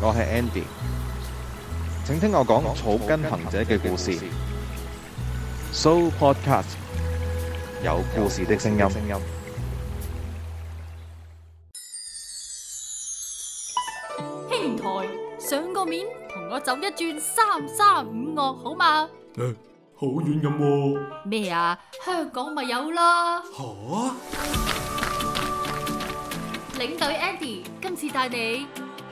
我係 Andy，請聽我講草根行者嘅故事。So podcast 有故事的聲音。兄台，上個面同我走一轉三三五岳，好嘛？誒，好遠咁？咩啊？香港咪有啦？好啊！領隊 Andy，今次帶你。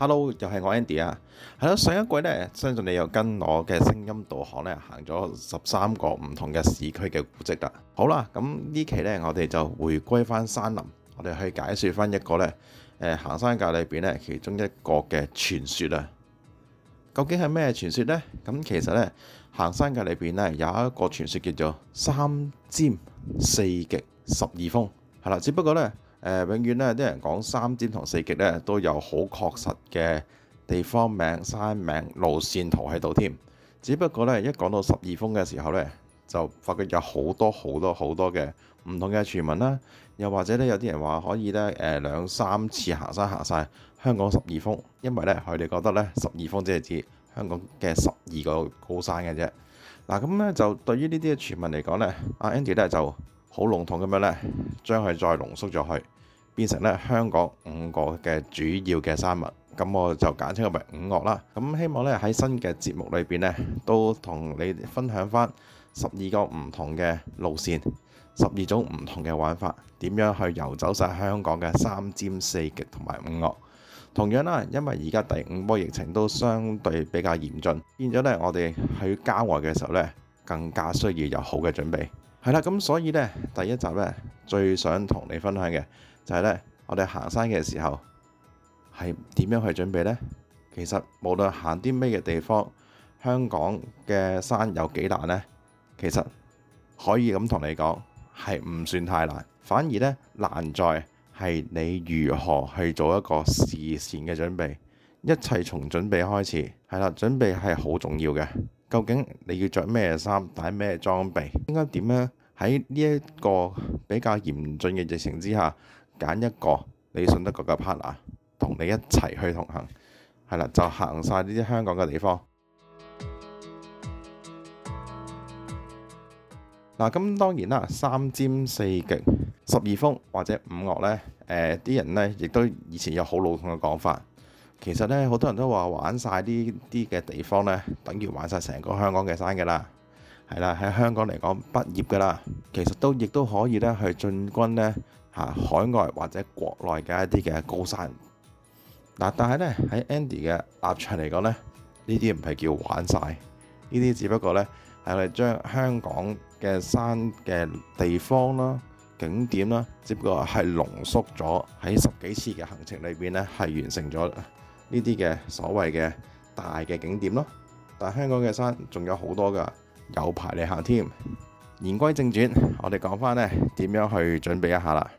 Hello，又係我 Andy 啊，係咯，上一季呢，相信你又跟我嘅聲音導航呢，行咗十三個唔同嘅市區嘅古跡啦。好啦，咁呢期呢，我哋就回歸翻山林，我哋去解説翻一個呢行山界裏邊呢，其中一個嘅傳說啊。究竟係咩傳說呢？咁其實呢，行山界裏邊呢，有一個傳說叫做三尖四極十二峰，係啦，只不過呢。永遠咧，啲人講三尖同四極咧，都有好確實嘅地方名、山名、路線圖喺度添。只不過咧，一講到十二峰嘅時候咧，就發覺有好多好多好多嘅唔同嘅傳聞啦。又或者咧，有啲人話可以咧，誒兩三次行山行晒香港十二峰，因為咧佢哋覺得咧，十二峰即係指香港嘅十二個高山嘅啫。嗱咁咧，就對於呢啲嘅傳聞嚟講咧，阿 Andy 咧就。好籠統咁樣呢，隆將佢再濃縮咗去，變成呢香港五個嘅主要嘅山脈，咁我就簡稱佢為五岳啦。咁希望呢，喺新嘅節目裏邊呢，都同你分享翻十二個唔同嘅路線，十二種唔同嘅玩法，點樣去游走晒香港嘅三尖四極同埋五岳。同樣啦，因為而家第五波疫情都相對比較嚴峻，變咗呢，我哋喺郊外嘅時候呢，更加需要有好嘅準備。係啦，咁所以呢，第一集呢，最想同你分享嘅就係呢，我哋行山嘅時候係點樣去準備呢？其實無論行啲咩嘅地方，香港嘅山有幾難呢？其實可以咁同你講，係唔算太難，反而呢，難在係你如何去做一個事先嘅準備，一切從準備開始。係啦，準備係好重要嘅。究竟你要着咩衫，帶咩裝備，應該點樣？喺呢一個比較嚴峻嘅疫情之下，揀一個你信得過嘅 partner，同你一齊去同行，係啦，就行晒呢啲香港嘅地方。嗱，咁、 啊、當然啦，三尖四極、十二峰或者五岳呢、誒啲、呃、人呢，亦都以前有好老土嘅講法。其實呢，好多人都話玩晒呢啲嘅地方呢，等於玩晒成個香港嘅山㗎啦。係啦，喺香港嚟講畢業㗎啦，其實都亦都可以咧去進軍呢嚇、啊、海外或者國內嘅一啲嘅高山嗱。但係呢，喺 Andy 嘅立場嚟講呢，呢啲唔係叫玩晒，呢啲只不過呢係我哋將香港嘅山嘅地方啦、景點啦，只不過係濃縮咗喺十幾次嘅行程裏邊呢，係完成咗呢啲嘅所謂嘅大嘅景點咯。但香港嘅山仲有好多㗎。有排你行添。言歸正傳，我哋講返呢點樣去準備一下啦。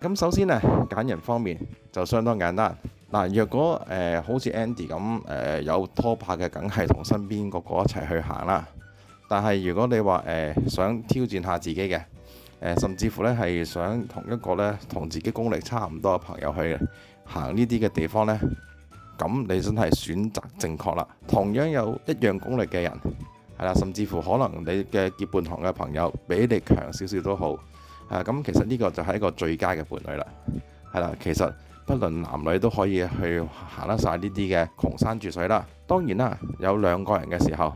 咁、嗯、首先呢揀人方面就相當簡單嗱。若果誒、呃、好似 Andy 咁誒、呃、有拖拍嘅，梗係同身邊個個一齊去行啦。但係如果你話誒、呃、想挑戰下自己嘅、呃，甚至乎呢係想同一個呢同自己功力差唔多嘅朋友去嘅。行呢啲嘅地方呢，咁你真係選擇正確啦。同樣有一樣功力嘅人，係啦，甚至乎可能你嘅結伴行嘅朋友比你強少少都好啊。咁其實呢個就係一個最佳嘅伴侶啦。係啦，其實不論男女都可以去行得晒呢啲嘅窮山絕水啦。當然啦，有兩個人嘅時候，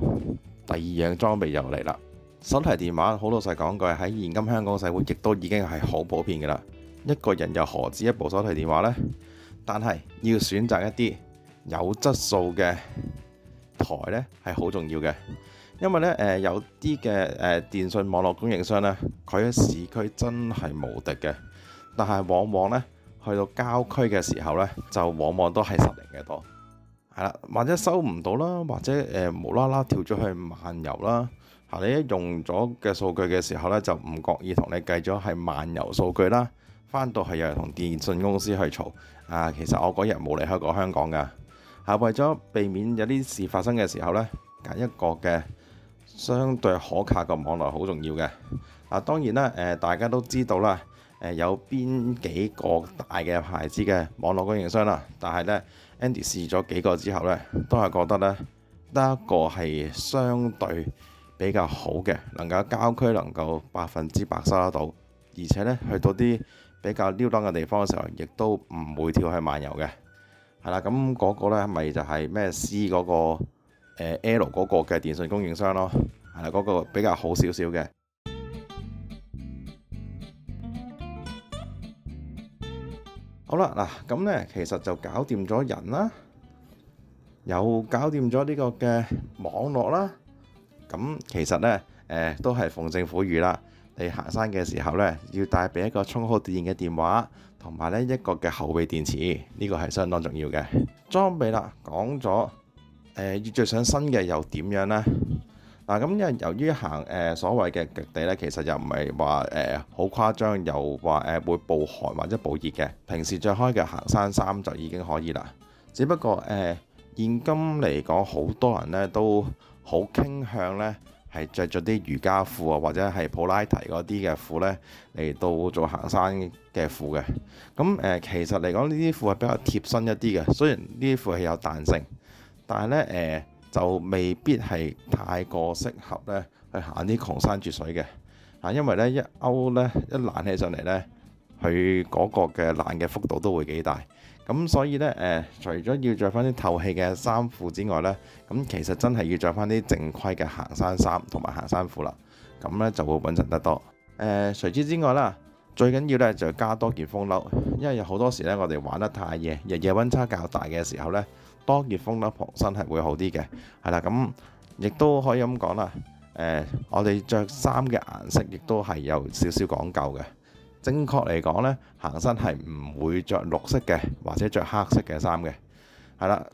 第二樣裝備又嚟啦，手提電話，好老實講句，喺現今香港社會亦都已經係好普遍嘅啦。一個人又何止一部手提電話呢？但係要選擇一啲有質素嘅台呢係好重要嘅，因為呢，誒有啲嘅誒電訊網絡供應商呢，佢喺市區真係無敵嘅，但係往往呢，去到郊區嘅時候呢，就往往都係失靈嘅多。係啦，或者收唔到啦，或者誒無啦啦跳咗去漫遊啦，嚇你用咗嘅數據嘅時候呢，就唔覺意同你計咗係漫遊數據啦，翻到去又係同電訊公司去嘈。啊，其實我嗰日冇離開過香港嘅，香港噶係為咗避免有啲事發生嘅時候呢，揀一個嘅相對可靠嘅網絡好重要嘅。嗱、啊，當然啦，誒、呃、大家都知道啦、呃，有邊幾個大嘅牌子嘅網絡供應商啦，但係呢 Andy 試咗幾個之後呢，都係覺得呢，得一個係相對比較好嘅，能夠郊區能夠百分之百收得到，而且呢，去到啲。比較刁難嘅地方嘅時候，亦都唔會跳去漫遊嘅，係啦。咁嗰個咧咪就係咩 C 嗰個誒 L 嗰個嘅電信供應商咯，係啦，嗰個比較好少少嘅。好啦，嗱咁咧，其實就搞掂咗人啦，又搞掂咗呢個嘅網絡啦。咁其實咧誒都係奉政府御啦。你行山嘅時候呢，要帶備一個充好電嘅電話，同埋呢一個嘅後備電池，呢、呢個係相當重要嘅裝備啦。講咗誒要着上新嘅又點樣呢？嗱咁因為由於行誒、呃、所謂嘅極地呢，其實又唔係話誒好誇張，又話誒、呃、會暴寒或者暴熱嘅，平時着開嘅行山衫就已經可以啦。只不過誒、呃、現今嚟講，好多人呢都好傾向呢。係着著啲瑜伽褲啊，或者係普拉提嗰啲嘅褲呢，嚟到做行山嘅褲嘅。咁誒、呃，其實嚟講呢啲褲係比較貼身一啲嘅，雖然呢啲褲係有彈性，但係呢，誒、呃、就未必係太過適合呢去行啲窮山絕水嘅。啊，因為呢，一勾呢，一爛起上嚟呢，佢嗰個嘅爛嘅幅度都會幾大。咁所以呢，誒、呃，除咗要着翻啲透氣嘅衫褲之外呢，咁其實真係要着翻啲正規嘅行山衫同埋行山褲啦。咁呢就會穩陣得多。誒、呃，除此之外啦，最緊要呢就加多件風褸，因為有好多時呢，我哋玩得太夜，日夜溫差較大嘅時候呢，多件風褸，旁身係會好啲嘅。係啦，咁亦都可以咁講啦。誒、呃，我哋着衫嘅顏色亦都係有少少講究嘅。正確嚟講呢，行山係唔會着綠色嘅，或者着黑色嘅衫嘅，係啦，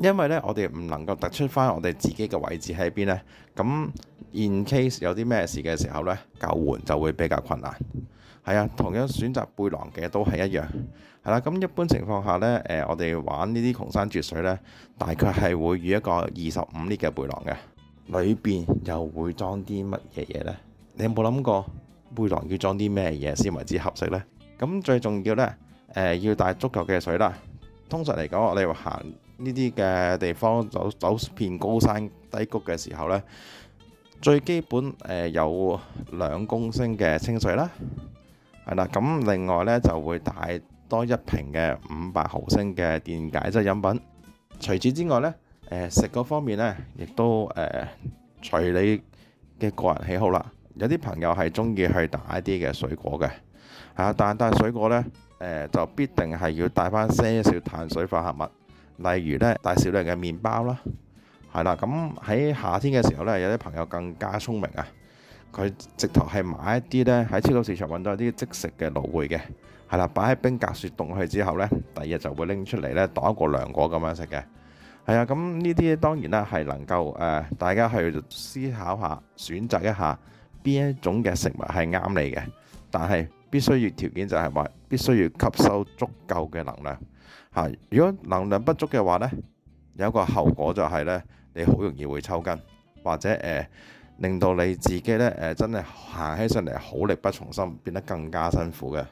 因為呢，我哋唔能夠突出翻我哋自己嘅位置喺邊呢。咁 in case 有啲咩事嘅時候呢，救援就會比較困難。係啊，同樣選擇背囊嘅都係一樣，係啦，咁一般情況下呢，誒，我哋玩呢啲窮山絕水呢，大概係會預一個二十五 L 嘅背囊嘅，裏邊又會裝啲乜嘢嘢呢？你有冇諗過？背囊要裝啲咩嘢先為之合適咧？咁最重要咧，誒要帶足夠嘅水啦。通常嚟講，我哋行呢啲嘅地方，走走遍高山低谷嘅時候咧，最基本誒有兩公升嘅清水啦。係啦，咁另外咧就會帶多一瓶嘅五百毫升嘅電解質飲品。除此之外咧，誒食嗰方面咧亦都誒隨你嘅個人喜好啦。有啲朋友係鍾意去打一啲嘅水果嘅，係啊，但但係水果呢，誒、呃、就必定係要帶返些少碳水化合物，例如呢，帶少量嘅麵包啦，係啦。咁喺夏天嘅時候呢，有啲朋友更加聰明啊，佢直頭係買一啲呢，喺超級市場揾到一啲即食嘅蘆薈嘅，係啦，擺喺冰格雪凍去之後呢，第二日就會拎出嚟呢，當一個涼果咁樣食嘅，係啊。咁呢啲當然咧係能夠誒、呃、大家去思考下，選擇一下。邊一種嘅食物係啱你嘅，但係必須要條件就係話必須要吸收足夠嘅能量吓。如果能量不足嘅話呢，有個後果就係呢，你好容易會抽筋，或者誒令到你自己呢，誒真係行起上嚟好力不從心，變得更加辛苦嘅。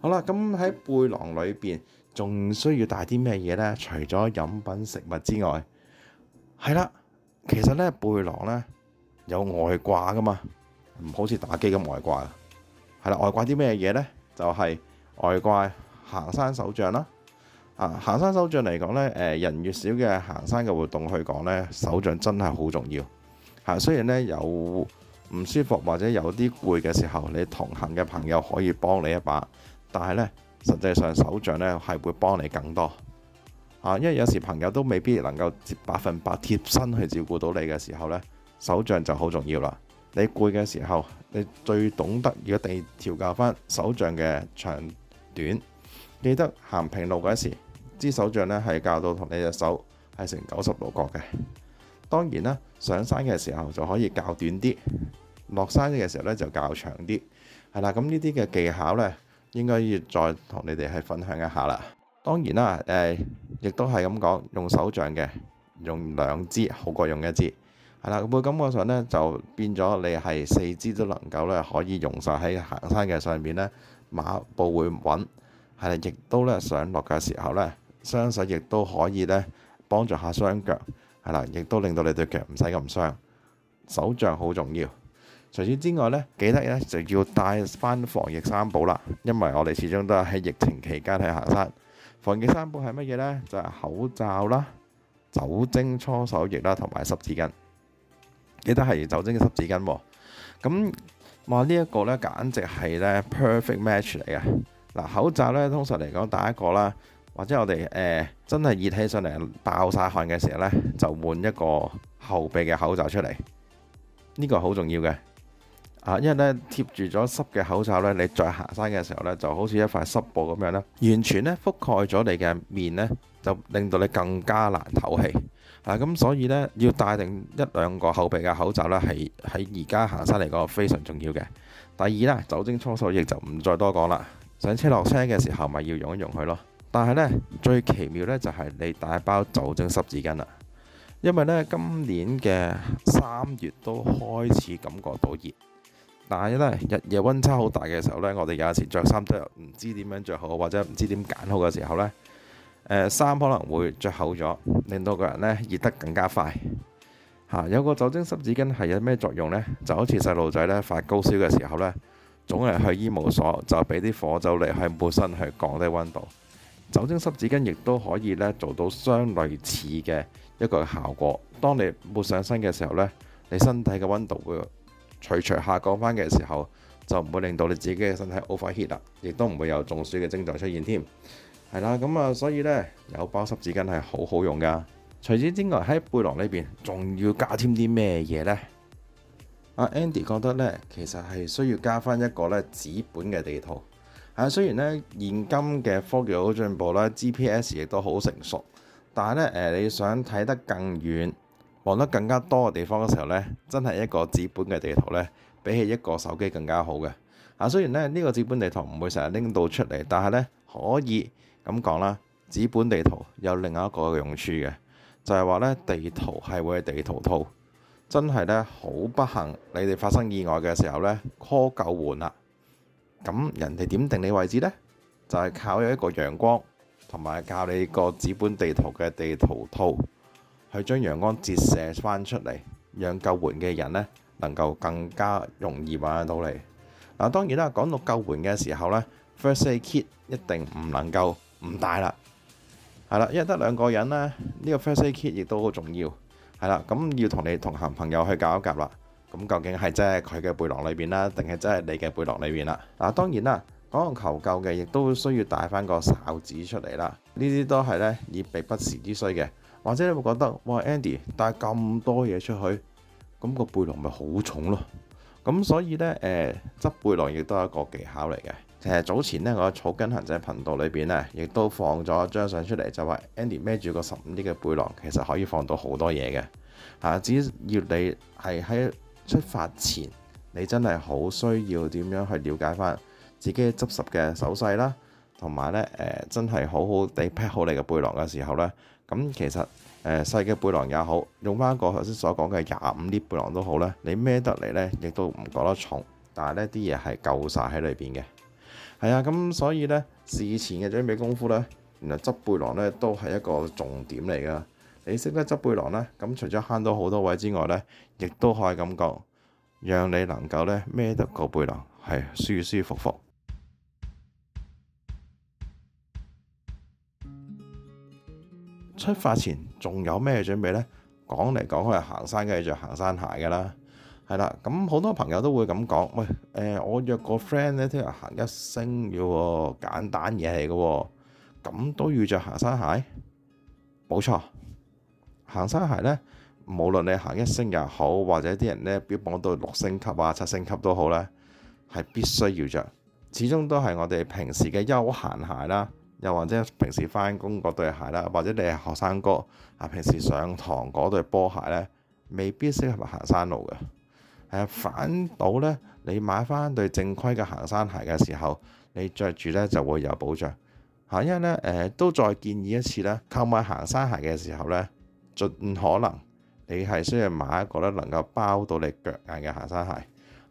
好啦，咁喺背囊裏邊仲需要帶啲咩嘢呢？除咗飲品食物之外，係啦。其實咧，背囊咧有外掛㗎嘛，唔好似打機咁外掛。係啦，外掛啲咩嘢咧？就係外掛行山手杖啦。啊，行山手杖嚟講咧，誒人越少嘅行山嘅活動去講咧，手杖真係好重要吓。雖然咧有唔舒服或者有啲攰嘅時候，你同行嘅朋友可以幫你一把，但係咧實際上手杖咧係會幫你更多。啊，因為有時朋友都未必能夠百分百貼身去照顧到你嘅時候，呢手杖就好重要啦。你攰嘅時候，你最懂得如果要調教翻手杖嘅長短。記得行平路嗰時候，支手杖呢係教到同你隻手係成九十度角嘅。當然啦，上山嘅時候就可以較短啲，落山嘅時候呢就較長啲。係啦，咁呢啲嘅技巧呢，應該要再同你哋係分享一下啦。當然啦，誒，亦都係咁講，用手杖嘅用兩支好過用一支，係啦。咁嘅感覺上咧就變咗，你係四支都能夠咧可以用曬喺行山嘅上面咧，馬步會唔穩係啦，亦都咧上落嘅時候咧，雙手亦都可以咧幫助下雙腳係啦，亦都令到你對腳唔使咁傷。手杖好重要，除此之外咧，記得咧就要帶翻防疫三寶啦，因為我哋始終都係喺疫情期間去行山。防疫三寶係乜嘢呢？就係、是、口罩啦、酒精搓手液啦，同埋濕紙巾。記得係酒精嘅濕紙巾、哦。咁我話呢一個呢，簡直係呢 perfect match 嚟嘅嗱。口罩呢，通常嚟講戴一個啦，或者我哋誒、呃、真係熱起上嚟爆晒汗嘅時候呢，就換一個後備嘅口罩出嚟。呢、這個好重要嘅。因為咧貼住咗濕嘅口罩咧，你再行山嘅時候咧，就好似一塊濕布咁樣咧，完全咧覆蓋咗你嘅面咧，就令到你更加難唞氣啊！咁所以咧要戴定一兩個後備嘅口罩咧，係喺而家行山嚟講非常重要嘅。第二咧，酒精搓手液就唔再多講啦。上車落車嘅時候咪要用一用佢咯。但係咧最奇妙咧就係、是、你帶包酒精濕紙巾啦，因為咧今年嘅三月都開始感覺到熱。但係呢，日夜溫差好大嘅時候呢，我哋有時着衫都唔知點樣着好，或者唔知點揀好嘅時候呢，衫可能會着厚咗，令到個人呢熱得更加快。嚇，有個酒精濕紙巾係有咩作用呢？就好似細路仔呢發高燒嘅時候呢，總係去醫務所就俾啲火酒嚟去抹身去降低溫度。酒精濕紙巾亦都可以呢，做到相類似嘅一個效果。當你抹上身嘅時候呢，你身體嘅溫度會徐徐下降返嘅時候，就唔會令到你自己嘅身體 overheat 啦，亦都唔會有中暑嘅症狀出現添。係啦，咁啊，所以呢，有包濕紙巾係好好用噶。除此之外，喺背囊裏面仲要加添啲咩嘢呢？Andy 覺得呢，其實係需要加翻一個呢紙本嘅地圖。啊，雖然呢，現今嘅科技好進步啦，GPS 亦都好成熟，但係呢，誒，你想睇得更遠，望得更加多嘅地方嘅時候呢，真係一個紙本嘅地圖呢，比起一個手機更加好嘅。啊，雖然呢呢個紙本地圖唔會成日拎到出嚟，但係呢，可以咁講啦，紙本地圖有另外一個用處嘅，就係話呢，地圖係會係地圖套，真係呢，好不幸，你哋發生意外嘅時候呢 call 救援啦，咁人哋點定你位置呢？就係靠有一個陽光同埋靠你個紙本地圖嘅地圖套。去將陽光折射翻出嚟，讓救援嘅人咧能夠更加容易揾到你。嗱，當然啦，講到救援嘅時候咧，First Aid Kit 一定唔能夠唔帶啦，係啦，因為得兩個人啦，呢個 First Aid Kit 亦都好重要，係啦，咁要同你同行朋友去搞一夾啦。咁究竟係真係佢嘅背囊裏邊啦，定係真係你嘅背囊裏邊啦？嗱，當然啦，講到求救嘅，亦都需要帶翻個哨子出嚟啦。呢啲都係咧以備不時之需嘅。或者你會覺得哇，Andy 帶咁多嘢出去，咁個背囊咪好重咯。咁所以呢，誒執背囊亦都係一個技巧嚟嘅。其實早前呢，我喺草根行者頻道裏邊呢，亦都放咗張相出嚟，就話 Andy 孭住個十五啲嘅背囊，其實可以放到好多嘢嘅嚇。只要你係喺出發前，你真係好需要點樣去了解翻自己執拾嘅手勢啦，同埋呢，誒、呃、真係好好地 pack 好你嘅背囊嘅時候呢。咁其實誒、呃、細嘅背囊也好，用翻個頭先所講嘅廿五 L 背囊都好啦。你孭得嚟咧，亦都唔覺得重，但係呢啲嘢係夠晒喺裏邊嘅，係啊，咁所以呢，事前嘅準備功夫呢，原來執背囊呢都係一個重點嚟噶。你識得執背囊呢，咁除咗慳到好多位之外呢，亦都可以咁講，讓你能夠呢，孭得個背囊係舒舒服服。出發前仲有咩準備呢？講嚟講去行山梗係着行山鞋噶啦，係啦。咁好多朋友都會咁講，喂，誒、欸，我約個 friend 咧，聽日行一星要喎，簡單嘢嚟嘅喎，咁都要着行山鞋？冇錯，行山鞋呢，無論你行一星又好，或者啲人咧標榜到六星級啊、七星級都好咧，係必須要着。始終都係我哋平時嘅休閒鞋啦。又或者平時翻工嗰對鞋啦，或者你係學生哥啊，平時上堂嗰對波鞋呢，未必適合行山路嘅。誒反倒呢，你買翻對正規嘅行山鞋嘅時候，你着住呢就會有保障嚇。因為呢，誒、呃、都再建議一次呢，購買行山鞋嘅時候呢，盡可能你係需要買一個呢能夠包到你腳眼嘅行山鞋。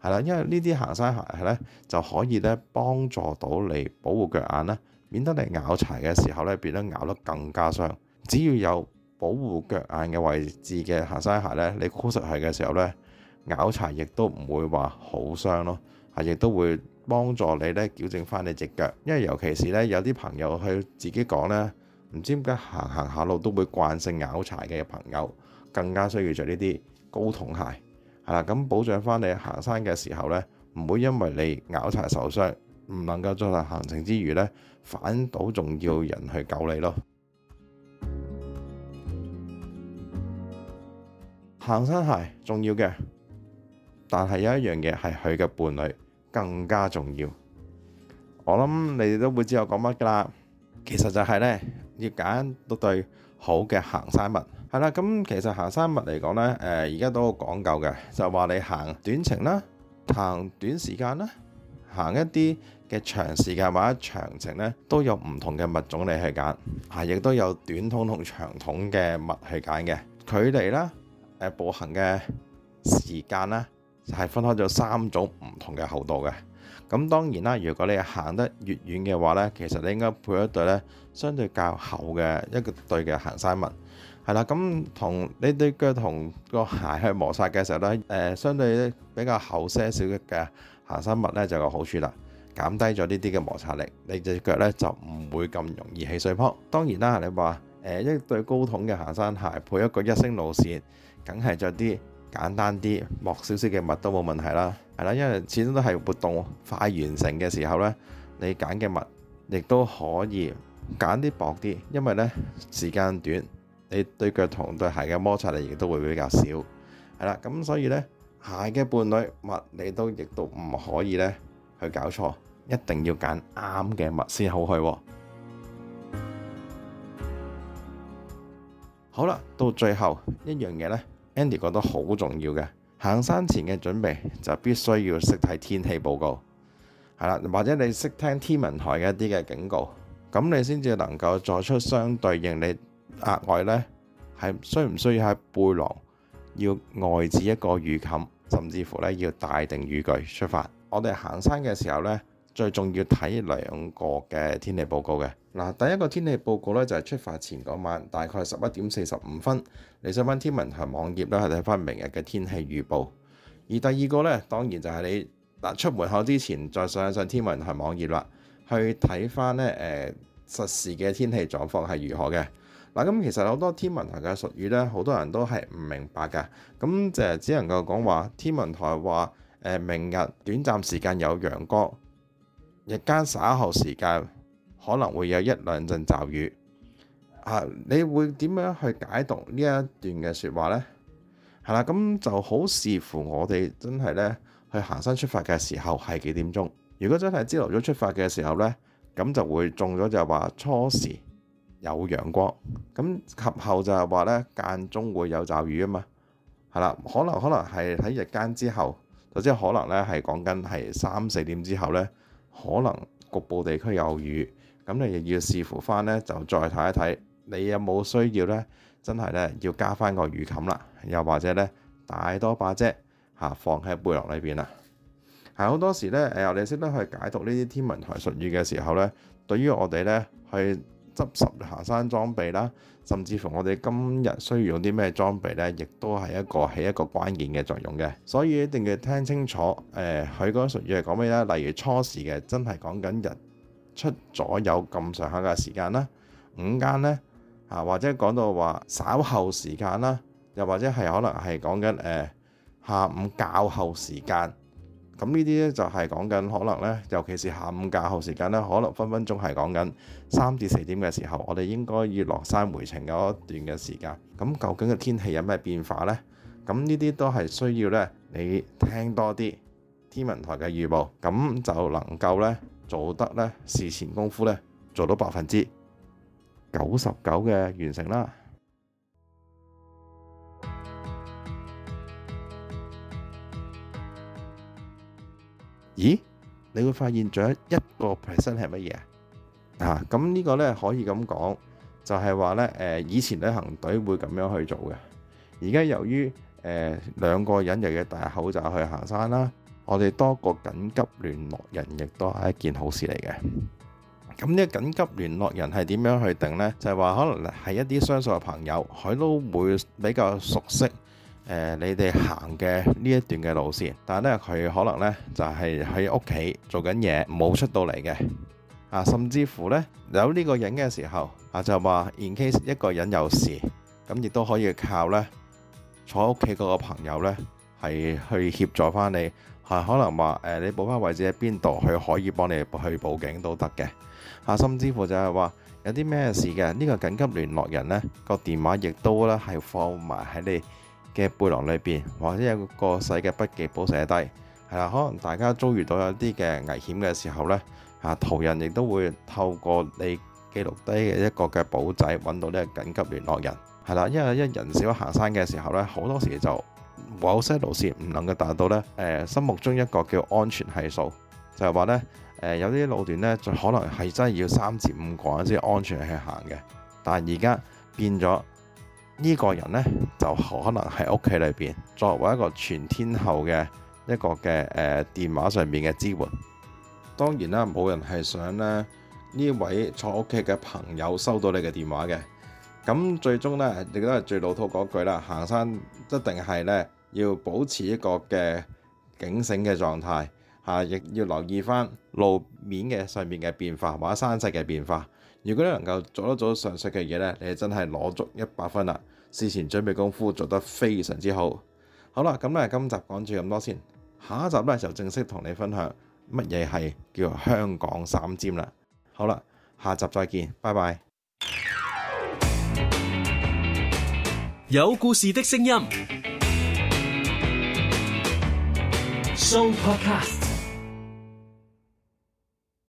係啦，因為呢啲行山鞋呢，就可以呢幫助到你保護腳眼啦。免得你咬柴嘅時候咧，變得咬得更加傷。只要有保護腳眼嘅位置嘅行山鞋咧，你箍實佢嘅時候咧，咬柴亦都唔會話好傷咯。嚇，亦都會幫助你咧矯正翻你隻腳。因為尤其是咧有啲朋友去自己講咧，唔知點解行行下路都會慣性咬柴嘅朋友，更加需要著呢啲高筒鞋。係啦，咁保障翻你行山嘅時候咧，唔會因為你咬柴受傷。唔能夠作下行程之餘呢，反倒仲要人去救你咯。行山鞋重要嘅，但係有一樣嘢係佢嘅伴侶更加重要。我諗你哋都會知我講乜㗎喇。其實就係呢，要揀到對好嘅行山物。係啦，咁其實行山物嚟講呢，誒而家都好講究嘅，就話你行短程啦，行短時間啦。行一啲嘅長時間或者長程呢，都有唔同嘅物種你去揀，亦都有短筒同長筒嘅物去揀嘅距離啦。誒，步行嘅時間啦，係、就是、分開咗三種唔同嘅厚度嘅。咁當然啦，如果你行得越遠嘅話呢，其實你應該配一對呢相對較厚嘅一個對嘅行山襪，係啦。咁同你對腳同個鞋去磨擦嘅時候呢、呃，相對比較厚些少嘅。行山襪咧就有好處啦，減低咗呢啲嘅摩擦力，你隻腳咧就唔會咁容易起水泡。當然啦，你話誒一對高筒嘅行山鞋配一個一星路線，梗係着啲簡單啲、薄少少嘅襪都冇問題啦，係啦，因為始終都係活動快完成嘅時候呢，你揀嘅襪亦都可以揀啲薄啲，因為呢時間短，你對腳同對鞋嘅摩擦力亦都會比較少，係啦，咁所以呢。鞋嘅伴侶物，你都亦都唔可以呢去搞錯，一定要揀啱嘅物先好去。好啦，到最後一樣嘢呢，Andy 覺得好重要嘅，行山前嘅準備就必須要識睇天氣報告，係啦，或者你識聽天文台嘅一啲嘅警告，咁你先至能夠作出相對應你額外呢，係需唔需要喺背囊。要外置一個雨傘，甚至乎咧要帶定雨具出發。我哋行山嘅時候呢，最重要睇兩個嘅天氣報告嘅。嗱，第一個天氣報告呢，就係出發前嗰晚，大概十一點四十五分，你上翻天文台網頁咧，係睇翻明日嘅天氣預報。而第二個呢，當然就係你嗱出門口之前再上一上天文台網頁啦，去睇翻呢誒實時嘅天氣狀況係如何嘅。嗱，咁其實好多天文台嘅術語呢，好多人都係唔明白㗎。咁就係只能夠講話天文台話，誒，明日短暫時間有陽光，日間稍後時間可能會有一兩陣驟雨。嚇，你會點樣去解讀呢一段嘅説話呢？係啦，咁就好視乎我哋真係呢去行山出發嘅時候係幾點鐘。如果真係朝頭早出發嘅時候呢，咁就會中咗就話初時。有陽光咁，噉及後就係話咧，間中會有驟雨啊嘛，係啦，可能可能係喺日間之後，就即係可能呢係講緊係三四點之後呢，可能局部地區有雨。咁你亦要視乎翻呢，就再睇一睇你有冇需要呢，真係呢要加翻個雨傘啦，又或者呢帶多把遮嚇放喺背囊裏邊啦。係好多時呢，誒，我哋識得去解讀呢啲天文台術語嘅時候呢，對於我哋呢去。執拾行山裝備啦，甚至乎我哋今日需要用啲咩裝備呢，亦都係一個起一個關鍵嘅作用嘅。所以一定要聽清楚，誒，佢嗰個術語係講咩呢？例如初時嘅真係講緊日出左右咁上下嘅時間啦，午間呢啊，或者講到話稍後時間啦，又或者係可能係講緊誒下午較後時間。咁呢啲咧就係講緊可能咧，尤其是下午較後時間咧，可能分分鐘係講緊三至四點嘅時候，我哋應該要落山回程嘅一段嘅時間。咁究竟嘅天氣有咩變化咧？咁呢啲都係需要咧，你聽多啲天文台嘅預報，咁就能夠咧做得咧事前功夫咧做到百分之九十九嘅完成啦。咦，你會發現仲有一個 person 係乜嘢啊？咁、這、呢個呢，可以咁講，就係話呢，誒、呃、以前旅行隊會咁樣去做嘅。而家由於誒兩個人又要戴口罩去行山啦，我哋多個緊急聯絡人亦都係一件好事嚟嘅。咁呢個緊急聯絡人係點樣去定呢？就係、是、話可能係一啲相熟嘅朋友，佢都會比較熟悉。誒，你哋行嘅呢一段嘅路線，但係呢佢可能呢就係喺屋企做緊嘢，冇出到嚟嘅啊。甚至乎呢有呢個人嘅時候啊，就話 in case 一個人有事咁，亦都可以靠呢坐屋企嗰個朋友呢係去協助翻你，係可能話誒，你報翻位置喺邊度，佢可以幫你去報警都得嘅啊。甚至乎就係話有啲咩事嘅呢個緊急聯絡人呢個電話亦都呢係放埋喺你。嘅背囊裏邊，或者有個細嘅筆記簿寫低，係啦，可能大家遭遇到有啲嘅危險嘅時候呢啊，途人亦都會透過你記錄低嘅一個嘅簿仔揾到呢個緊急聯絡人，係啦，因為一人少行山嘅時候呢好多時就某些路線唔能夠達到呢誒，心目中一個叫安全係數，就係話呢，誒，有啲路段呢，就可能係真係要三至五個人先安全去行嘅，但而家變咗。呢個人呢，就可能喺屋企裏邊作為一個全天候嘅一個嘅誒電話上面嘅支援。當然啦，冇人係想咧呢位坐屋企嘅朋友收到你嘅電話嘅。咁最終呢，亦都係最老套嗰句啦，行山一定係呢，要保持一個嘅警醒嘅狀態嚇，亦、啊、要留意翻路面嘅上面嘅變化或者山勢嘅變化。如果你能夠做得到上述嘅嘢咧，你真係攞足一百分啦！事前準備功夫做得非常之好。好啦，咁咧今集講住咁多先，下一集咧就正式同你分享乜嘢係叫香港三尖啦。好啦，下集再見，拜拜。有故事的聲音。收 Podcast。